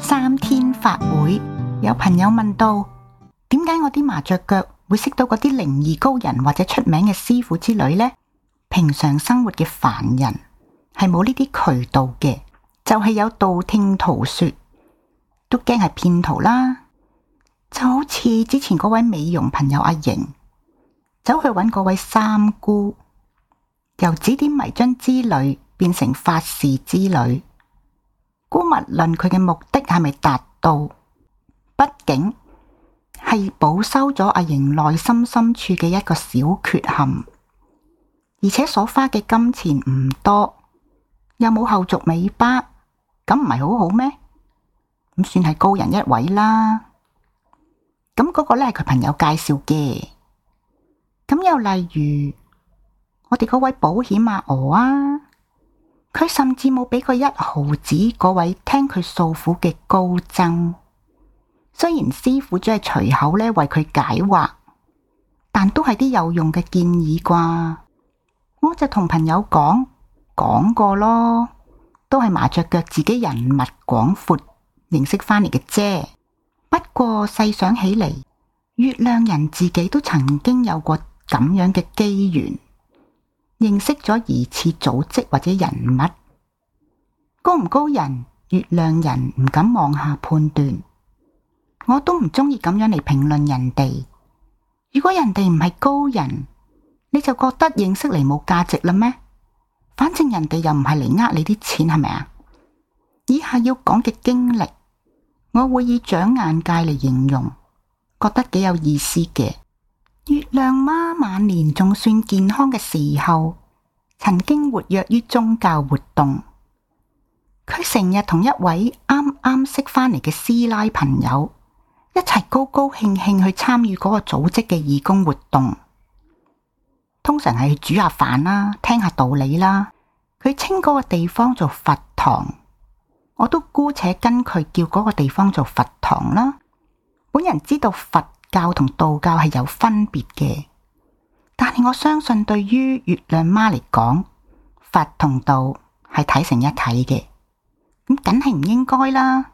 三天法會，有朋友問到，點解我啲麻雀腳會識到嗰啲靈異高人或者出名嘅師傅之類呢？平常生活嘅凡人係冇呢啲渠道嘅，就係、是、有道聽途說，都驚係騙徒啦。就好似之前嗰位美容朋友阿瑩，走去揾嗰位三姑，由指點迷津之類變成法事之類。估勿論佢嘅目的係咪達到，畢竟係保修咗阿瑩內心深處嘅一個小缺陷，而且所花嘅金錢唔多，又冇後續尾巴，咁唔係好好咩？咁算係高人一位啦。咁嗰個咧係佢朋友介紹嘅。咁又例如我哋嗰位保險阿娥啊。佢甚至冇俾過一毫子，嗰位聽佢訴苦嘅高僧。雖然師父只係隨口咧為佢解惑，但都係啲有用嘅建議啩。我就同朋友講講過咯，都係麻雀腳自己人物廣闊認識翻嚟嘅啫。不過細想起嚟，月亮人自己都曾經有過咁樣嘅機緣。認識咗疑似組織或者人物，高唔高人？月亮人唔敢妄下判斷，我都唔中意咁樣嚟評論人哋。如果人哋唔係高人，你就覺得認識嚟冇價值啦咩？反正人哋又唔係嚟呃你啲錢，係咪啊？以下要講嘅經歷，我會以長眼界嚟形容，覺得幾有意思嘅。月亮媽晚年仲算健康嘅時候，曾經活躍於宗教活動。佢成日同一位啱啱識翻嚟嘅師奶朋友一齊高高興興去參與嗰個組織嘅義工活動，通常係去煮下飯啦，聽下道理啦。佢稱嗰個地方做佛堂，我都姑且跟佢叫嗰個地方做佛堂啦。本人知道佛。教同道教係有分別嘅，但係我相信對於月亮媽嚟講，佛同道係睇成一體嘅，咁梗係唔應該啦。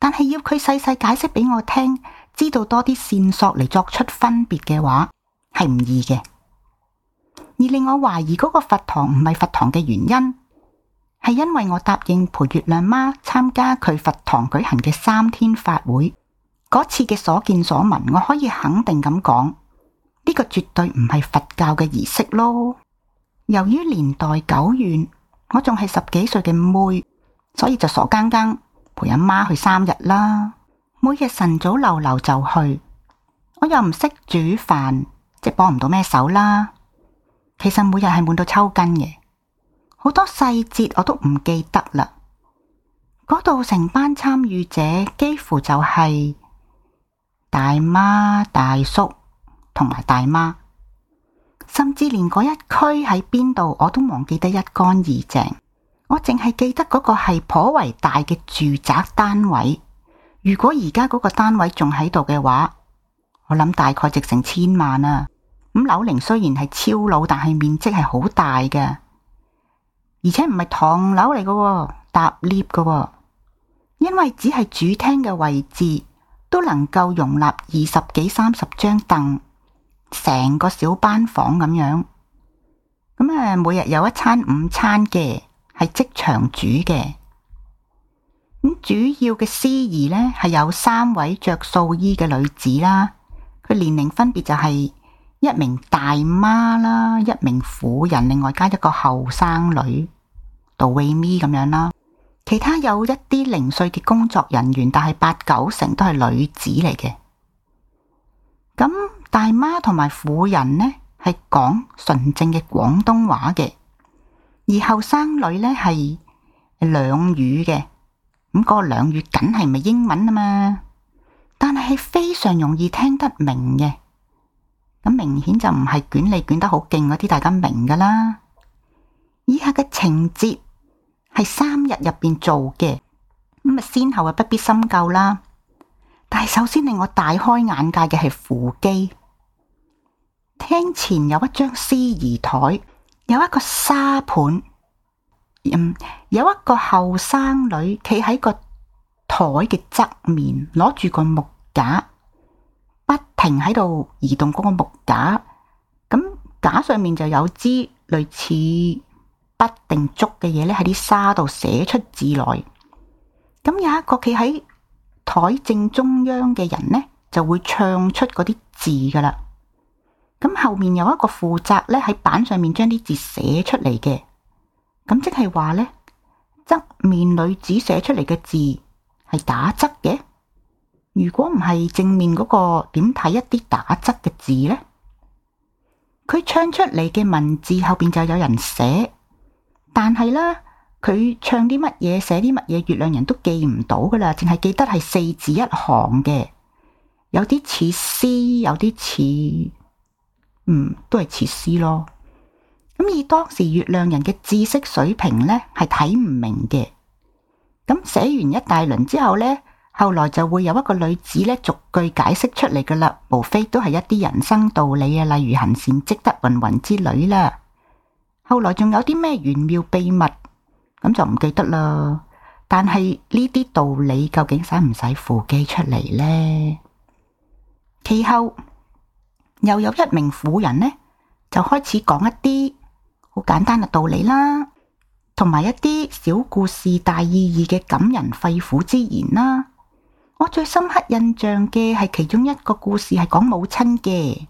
但係要佢細細解釋俾我聽，知道多啲線索嚟作出分別嘅話，係唔易嘅。而令我懷疑嗰個佛堂唔係佛堂嘅原因，係因為我答應陪月亮媽參加佢佛堂舉行嘅三天法會。嗰次嘅所見所聞，我可以肯定咁講，呢個絕對唔係佛教嘅儀式咯。由於年代久遠，我仲係十幾歲嘅妹，所以就傻更更陪阿媽去三日啦。每日晨早流流就去，我又唔識煮飯，即係幫唔到咩手啦。其實每日係悶到抽筋嘅，好多細節我都唔記得啦。嗰度成班參與者幾乎就係大媽、大叔同埋大媽，甚至連嗰一區喺邊度我都忘記得一乾二淨。我淨係記得嗰個係頗為大嘅住宅單位。如果而家嗰個單位仲喺度嘅話，我諗大概值成千萬啊！咁樓齡雖然係超老，但係面積係好大嘅，而且唔係唐樓嚟嘅，搭 lift 嘅，因為只係主廳嘅位置。都能夠容納二十幾三十張凳，成個小班房咁樣。每日有一餐午餐嘅係即場煮嘅。主要嘅司儀呢，係有三位着素衣嘅女子啦。佢年齡分別就係一名大媽啦，一名婦人，另外加一個後生女杜薇咪咁樣啦。其他有一啲零碎嘅工作人員，但係八九成都係女子嚟嘅。咁大媽同埋婦人呢係講純正嘅廣東話嘅，而後生女呢係兩語嘅。咁個兩語梗係咪英文啊嘛？但係非常容易聽得明嘅。咁明顯就唔係捲你捲得好勁嗰啲，大家明噶啦。以下嘅情節。係三日入面做嘅，咁、嗯、啊先後啊不必深究啦。但係首先令我大開眼界嘅係扶乩廳前有一張司儀台，有一個沙盤，嗯，有一個後生女企喺個台嘅側面，攞住個木架，不停喺度移動嗰個木架。咁、嗯、架，架，架上面就有支類似。不定足嘅嘢咧，喺啲沙度寫出字來。咁有一個企喺台正中央嘅人，呢就會唱出嗰啲字噶啦。咁後面有一個負責咧喺板上面將啲字寫出嚟嘅。咁即係話，呢側面女子寫出嚟嘅字係打側嘅。如果唔係正面嗰個點睇一啲打側嘅字呢？佢唱出嚟嘅文字後邊就有人寫。但係咧，佢唱啲乜嘢，寫啲乜嘢，月亮人都記唔到噶啦，淨係記得係四字一行嘅，有啲似詩，有啲似，嗯，都係似詩咯。咁以當時月亮人嘅知識水平咧，係睇唔明嘅。咁寫完一大輪之後咧，後來就會有一個女子咧逐句解釋出嚟噶啦，無非都係一啲人生道理啊，例如行善積德文文、云云之類啦。後來仲有啲咩玄妙秘密，咁就唔記得啦。但係呢啲道理究竟使唔使扶乩出嚟呢？其後又有一名婦人呢，就開始講一啲好簡單嘅道理啦，同埋一啲小故事大意義嘅感人肺腑之言啦。我最深刻印象嘅係其中一個故事係講母親嘅。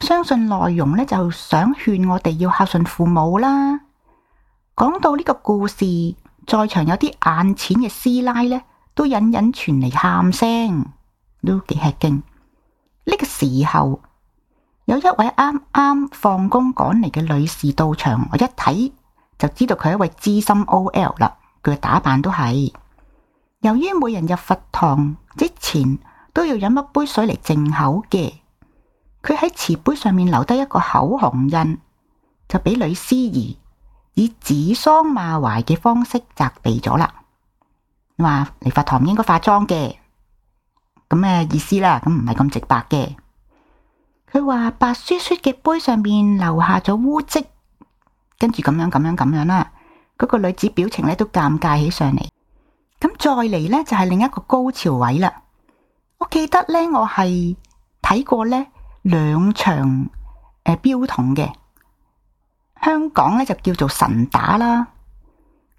相信內容咧，就想勸我哋要孝順父母啦。講到呢個故事，在場有啲眼淺嘅師奶咧，都隱隱傳嚟喊聲，都幾吃驚。呢個時候，有一位啱啱放工趕嚟嘅女士到場，我一睇就知道佢係一位資深 OL 啦。佢嘅打扮都係。由於每人入佛堂之前都要飲一杯水嚟淨口嘅。佢喺瓷杯上面留低一個口紅印，就俾女司儀以指桑罵槐嘅方式責備咗啦。話嚟法堂唔應該化妝嘅，咁咩意思啦，咁唔係咁直白嘅。佢話白雪雪嘅杯上面留下咗污跡，跟住咁樣、咁樣、咁樣啦。嗰、那個女子表情咧都尷尬起上嚟。咁再嚟咧就係、是、另一個高潮位啦。我記得咧，我係睇過咧。兩場誒、呃，標童嘅香港咧，就叫做神打啦。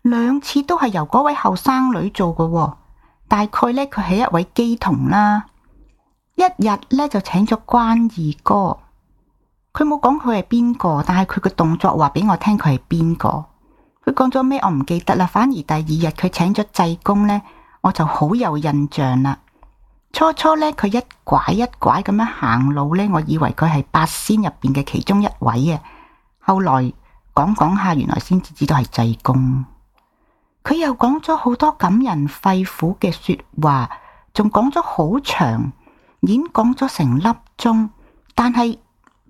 兩次都係由嗰位後生女做嘅、哦，大概咧佢係一位乩童啦。一日咧就請咗關二哥，佢冇講佢係邊個，但係佢嘅動作話畀我聽佢係邊個。佢講咗咩，我唔記得啦。反而第二日佢請咗濟公咧，我就好有印象啦。初初呢，佢一拐一拐咁樣行路呢，我以為佢係八仙入邊嘅其中一位啊。後來講講下，原來先至知道係濟公。佢又講咗好多感人肺腑嘅說話，仲講咗好長，演講咗成粒鐘，但係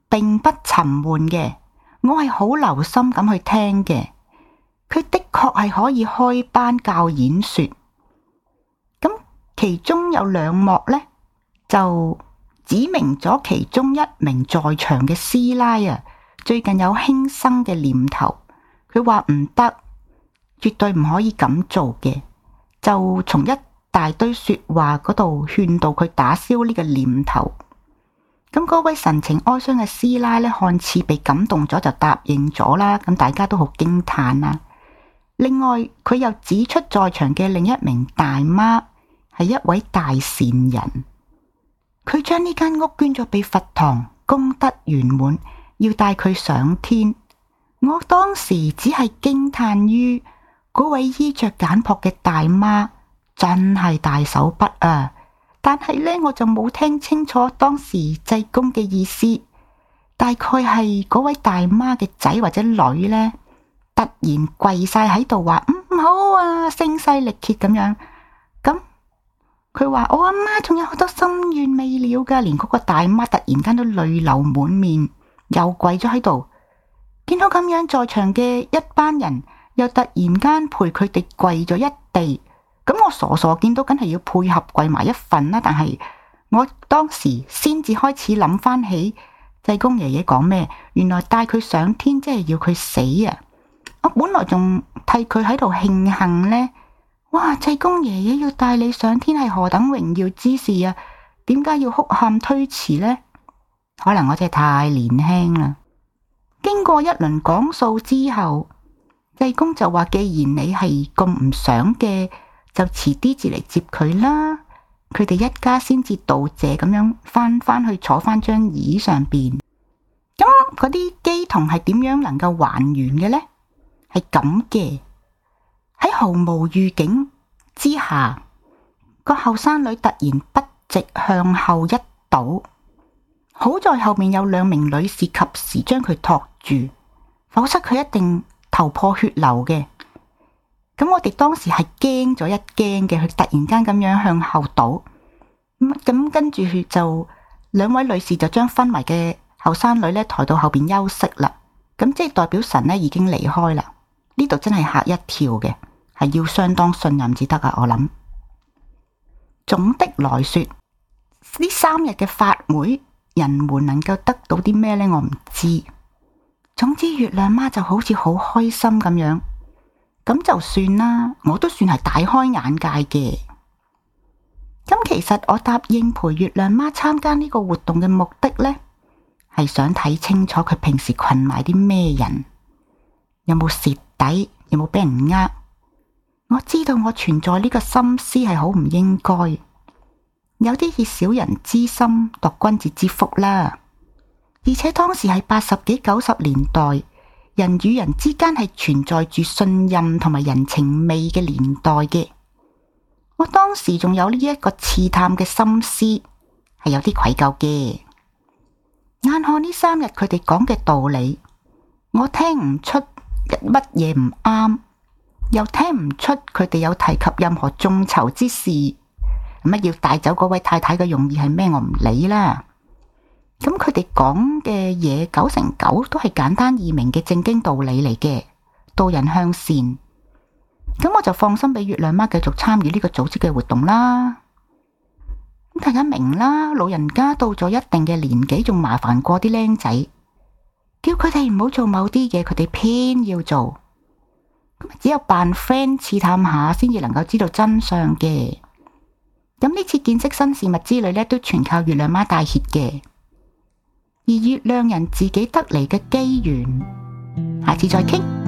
並不沉悶嘅。我係好留心咁去聽嘅。佢的確係可以開班教演說。其中有兩幕呢，就指明咗其中一名在場嘅師奶啊，最近有輕生嘅念頭，佢話唔得，絕對唔可以咁做嘅。就從一大堆説話嗰度勸導佢打消呢個念頭。咁嗰位神情哀傷嘅師奶呢，看似被感動咗，就答應咗啦。咁大家都好驚歎啊。另外佢又指出，在場嘅另一名大媽，係一位大善人，佢將呢間屋捐咗俾佛堂，功德圓滿，要帶佢上天。我當時只係驚嘆於嗰位衣着簡朴嘅大媽真係大手筆啊！但係呢，我就冇聽清楚當時濟公嘅意思，大概係嗰位大媽嘅仔或者女呢，突然跪晒喺度話唔好啊，聲嘶力竭咁樣。佢話我阿媽仲有好多心願未了㗎，連嗰個大媽突然間都淚流滿面，又跪咗喺度。見到咁樣，在場嘅一班人又突然間陪佢哋跪咗一地。咁我傻傻見到，梗係要配合跪埋一份啦。但係我當時先至開始諗翻起濟公爺爺講咩，原來帶佢上天，即係要佢死啊！我本來仲替佢喺度慶幸咧。哇！濟公爺爺要帶你上天係何等榮耀之事啊？點解要哭喊推辭呢？可能我真係太年輕啦。經過一輪講訴之後，濟公就話：既然你係咁唔想嘅，就遲啲至嚟接佢啦。佢哋一家先至道謝咁樣，翻返去坐返張椅上邊。咁嗰啲乩童係點樣能夠還原嘅呢？係咁嘅。喺毫無預警之下，個後生女突然筆直向後一倒，好在後面有兩名女士及時將佢托住，否則佢一定頭破血流嘅。咁我哋當時係驚咗一驚嘅，佢突然間咁樣向後倒咁，跟住就兩位女士就將昏迷嘅後生女咧抬到後邊休息啦。咁即係代表神咧已經離開啦。呢度真係嚇一跳嘅。係要相當信任至得㗎。我諗總的來說，呢三日嘅法會，人們能夠得到啲咩呢？我唔知。總之，月亮媽就好似好開心咁樣，咁就算啦。我都算係大開眼界嘅。咁其實我答應陪月亮媽參加呢個活動嘅目的呢，係想睇清楚佢平時群埋啲咩人，有冇蝕底，有冇俾人呃。我知道我存在呢個心思係好唔應該，有啲以小人之心度君子之腹啦。而且當時係八十幾九十年代，人與人之間係存在住信任同埋人情味嘅年代嘅。我當時仲有呢一個刺探嘅心思，係有啲愧疚嘅。眼看呢三日佢哋講嘅道理，我聽唔出乜嘢唔啱。又聽唔出佢哋有提及任何眾籌之事，乜要帶走嗰位太太嘅用意係咩？我唔理啦。咁佢哋講嘅嘢，九成九都係簡單易明嘅正經道理嚟嘅，導人向善。咁我就放心畀月亮媽繼續參與呢個組織嘅活動啦。大家明啦，老人家到咗一定嘅年紀，仲麻煩過啲僆仔，叫佢哋唔好做某啲嘢，佢哋偏要做。只有扮 friend 試探下，先至能夠知道真相嘅。咁呢次見識新事物之旅呢，都全靠月亮媽帶挈嘅。而月亮人自己得嚟嘅機緣，下次再傾。